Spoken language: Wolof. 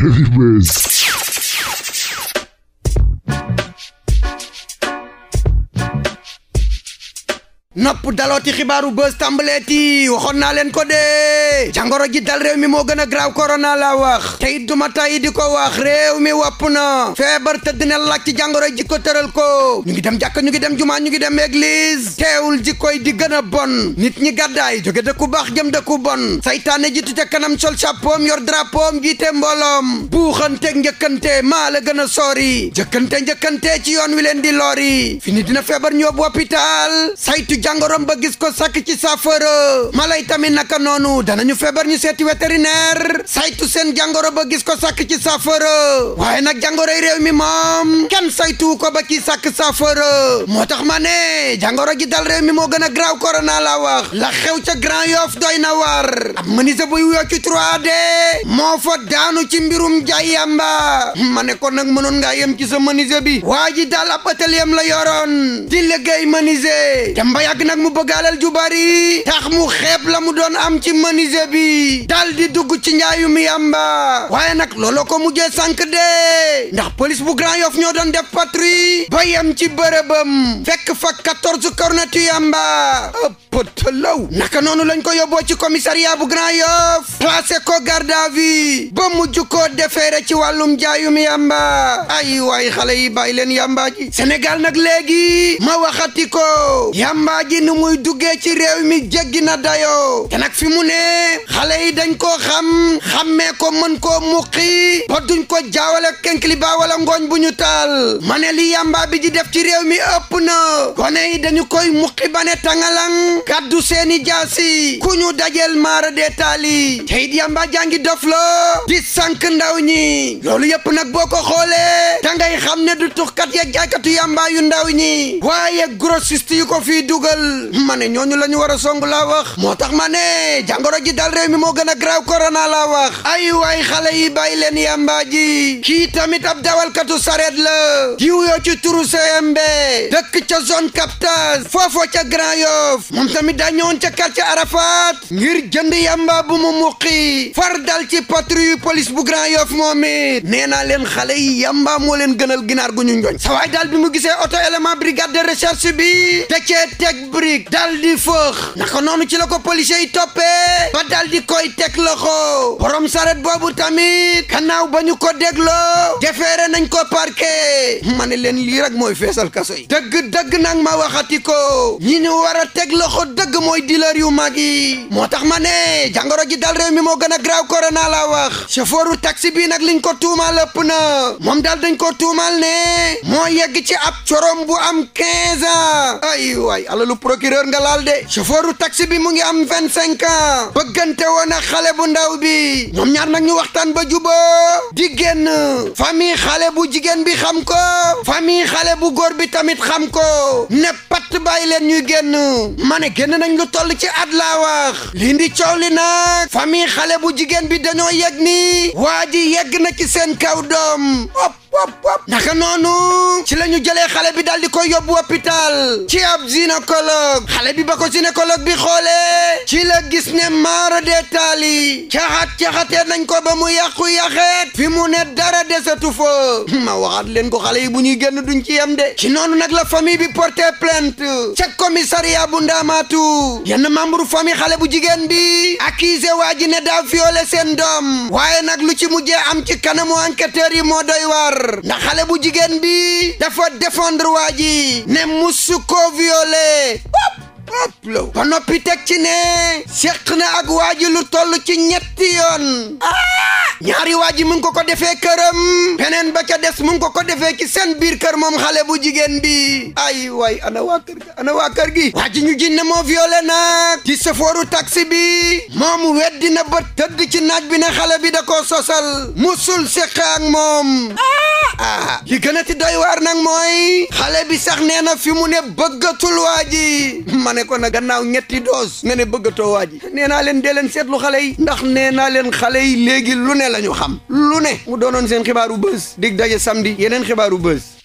Heavyweight. nopp dalooti xibaaru bës tàmbaleeti waxoon naa leen ko de jàngoro ji dal réew mi moo gën a graaw korona la wax tey duma tay di ko wax réew mi wapp na feebar tëdd na laaj ci jàngoro ji ko tëral ko ñu ngi dem jàkk ñu ngi dem jumaa ñu ngi dem église teewul ji yi di gën a bon nit ñi gàddaay jóge dëkku baax jëm dëkku bon saytaane jitu ca kanam sol chapeau yor drapeau jiite mbooloom buuxante njëkkante maa la gën a sori jëkkante njëkkante ci yoon wi leen di lori fini dina feebar jàngorom ba gis ko sàkk ci saafara mala yi tamit naka noonu danañu feebar ñu seeti vétérinaire saytu seen jàngoro ba gis ko sakk ci saafara waaye nag jàngoroy réew mi moom kenn saytu ko ba ci sakk saafara moo tax ma ne jàngoro ji dal réew mi moo gën a graaw corona la wax la xew ca Grand Yoff doy na war ab menuisier buy wuyoo ci 3D ci mbirum jaay yamba ma ne ko nag mënoon ci sa menuisier bi waa ji daal ab atelier am la yoroon di liggéey menuisier dem ba yàgg yàgg nag mu bëgg alal ju bari mu xeeb la mu doon am ci menuisier bi dal di dugg ci njaayu mi yàmba waaye nag loolo ko mujjee sànq de ndax police bu Grand Yoff ñoo doon def patrouille ba yem ci bërëbam fekk fa 14 cornetu yàmba ëppatalaw naka noonu lañ ko yóbboo ci commissariat bu Grand Yoff placé ko garde à ba mujj ko defeere ci wàllum njaayum yàmba ay waay xale yi bay leen yàmba ji Sénégal nag léegi ma waxati ko yàmba gi ni muy duggee ci réew mi jéggi na dayoo te fi mu ne tey dañ koo xam xammee ko mën ko muqi ba duñ ko jaawale kenkiliba wala ngooñ bu ñu taal ma ne li yàmbaa bi di def ci réew mi ëpp na gone yi dañu koy muqi ba ne tangalang kaddu seeni jaasi ku ñu dajeel maara dee taali tey yàmbaa jaangi dof la di sànq ndaw ñi loolu yëpp nag boo ko xoolee da ngay xam ne du tuxkat ya jaaykatu yàmbaa yu ndaw ñi waaye grossiste yu ko fii dugal ma ne ñooñu la ñu war a song la wax moo tax ma ne ji dal réew mi moo gën a graw korona la wax ay waay xale yi bàyyi leen yàmbaa ji kii tamit ab dawalkatu sareet la jiw yoo ci turu CMB dëkk ca zone captage foofoo ca Grand Yoff moom tamit daa ñëwoon ca quartier Arafat ngir jënd yàmbaa bu mu muqi far dal ci patrouille police bu Grand Yoff moom it nee naa leen xale yi yàmbaa moo leen gënal ginaar gu ñu njoñ sa waay bi mu gisee auto élément brigade de recherche bi te cee teg brique dal di fëx naka noonu ci la ko yi toppee ba koy teg loxo borom saret boobu tamit gannaaw ba ñu ko dégloo defeere nañ ko parqué ma ne leen lii rek mooy feesal kaso yi dëgg dëgg nag ma waxati ko ñi ñu war a teg dëgg mooy dila yu mag yi moo tax ma ne jàngoro ji dal réew mi moo gën a graaw corona la wax chauffeuru taxi bi nag liñ ko tuumaal ëpp na moom daal dañ ko tuumaal ne moo yegg ci ab corom bu am 15 ans ay waay alalu procureur nga laal de chauffeuru taxi bi mu ngi am 25 ans bëggante woon ak xale bu ndaw bi ñoom ñaar nag ñu waxtaan ba jubóo di génn xale xale bu jigéen bi xam ko famille xale bu góor bi tamit xam ko ne pat bay leen ñuy génn ma ne génn nañ lu toll ci at laa wax li ndi coow li nag famille xale bu jigéen bi dañoo yegg ni waa ji yegg na ci seen kaw doom op op op naka ci la ñu jëlee xale bi daal di koy yóbbu hôpital ci ab gynécologue xale bi ba ko gynécologue bi xoolee ci la gis ne maara deetaal yi caxat caxatee nañ ko ba mu yàqu-yaxeet fi mu ne dara desatu fa ma waxaat leen ko xale yi bu ñuy génn duñ ci yem de ci noonu nag la famille bi porté plainte ca commissariat bu ndaamaatu yenn membre famille xale bu jigéen bi accusé waa ji ne daa violé seen doom waaye nag lu ci mujjee am ci kanamu enquêteurs yi moo doy war ndax xale bu bi dafa défendre waa ji ne musu ko violé ba teg ci ne seq na ak waa ji lu toll ci ñetti yoon ah! ñaari waa ji mu ko ko defee këram beneen ba ca des mu ko ko defee ci seen biir kër moom xale bu jigéen bi ay waay ana waa kër gi ana ji ñu jinne moo violé nag ci sofooru taksi bi moom weddi na ba tëdd ci naaj bi ne xale bi da koo sosal musul séq ak moom ah yi gën a waar nag mooy xale bi sax nee na fi mu ne bëggatul waa ji ma ne ko na gannaaw ñetti doos nga ne bëggatoo waa ji nee naa leen dee leen seetlu xale yi ndax nee naa leen xale yi léegi lu ne ne ñu xam lu ne mu doonoon seen xibaaru bës dig daje samedi yeneen xibaaru bës